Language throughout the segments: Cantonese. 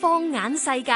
放眼世界，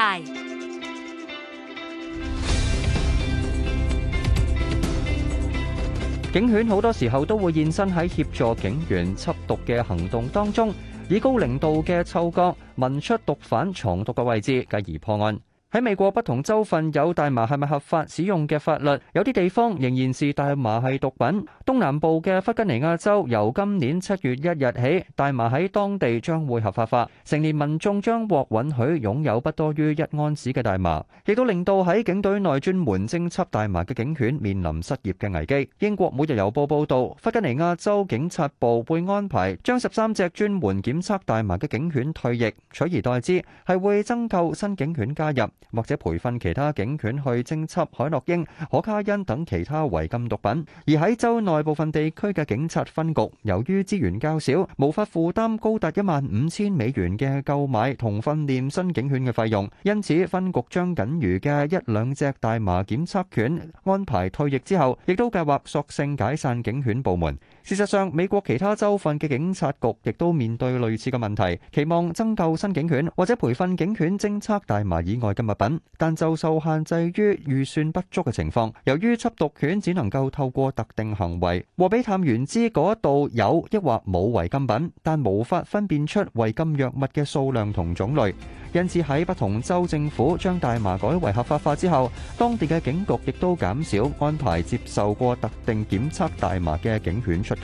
警犬好多時候都會現身喺協助警員緝毒嘅行動當中，以高靈敏度嘅嗅覺聞出毒販藏毒嘅位置，繼而破案。喺美國不同州份有大麻係咪合法使用嘅法律，有啲地方仍然視大麻係毒品。東南部嘅弗吉尼亞州由今年七月一日起，大麻喺當地將會合法化，成年民眾將獲允許擁有不多於一安士嘅大麻，亦都令到喺警隊內專門偵測大麻嘅警犬面臨失業嘅危機。英國每日郵報報道，弗吉尼亞州警察部會安排將十三隻專門檢測大麻嘅警犬退役，取而代之係會增購新警犬加入。或者培訓其他警犬去偵緝海洛因、可卡因等其他違禁毒品。而喺州內部分地區嘅警察分局，由於資源較少，無法負擔高達一萬五千美元嘅購買同訓練新警犬嘅費用，因此分局將僅餘嘅一兩隻大麻檢測犬安排退役之後，亦都計劃索性解散警犬部門。事實上，美國其他州份嘅警察局亦都面對類似嘅問題，期望增購新警犬或者培訓警犬偵測大麻以外嘅物品，但就受限制於預算不足嘅情況。由於緝毒犬只能夠透過特定行為話俾探員知嗰度有抑或冇違禁品，但無法分辨出違禁藥物嘅數量同種類。因此，喺不同州政府將大麻改為合法化之後，當地嘅警局亦都減少安排接受過特定檢測大麻嘅警犬出勤。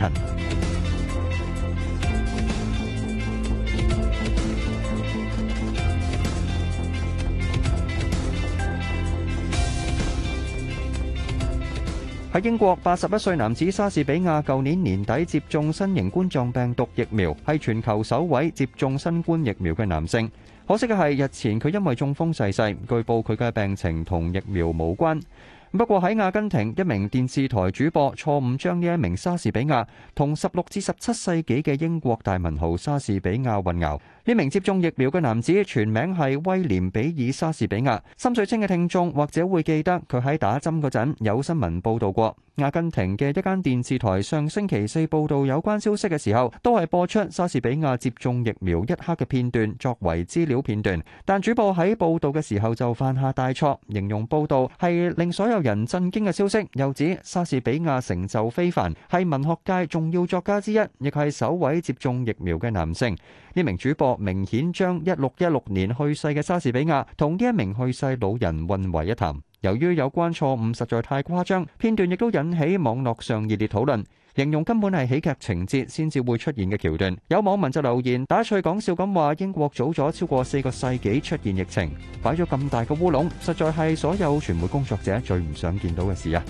喺英國，八十一歲男子莎士比亞舊年年底接種新型冠狀病毒疫苗，係全球首位接種新冠疫苗嘅男性。可惜嘅係，日前佢因為中風逝世，據報佢嘅病情同疫苗無關。不過喺阿根廷，一名電視台主播錯誤將呢一名莎士比亞同十六至十七世紀嘅英國大文豪莎士比亞混淆。呢名接種疫苗嘅男子全名係威廉比爾莎士比亞。心水清嘅聽眾或者會記得佢喺打針嗰陣有新聞報導過。阿根廷嘅一間電視台上星期四報道有關消息嘅時候，都係播出莎士比亞接種疫苗一刻嘅片段作為資料片段，但主播喺報道嘅時候就犯下大錯，形容報道係令所有人震驚嘅消息，又指莎士比亞成就非凡，係文學界重要作家之一，亦係首位接種疫苗嘅男性。呢名主播明顯將一六一六年去世嘅莎士比亞同呢一名去世老人混為一談。由於有關錯誤實在太誇張，片段亦都引起網絡上熱烈討論，形容根本係喜劇情節先至會出現嘅橋段。有網民就留言打趣講笑咁話：英國早咗超過四個世紀出現疫情，擺咗咁大個烏龍，實在係所有傳媒工作者最唔想見到嘅事啊！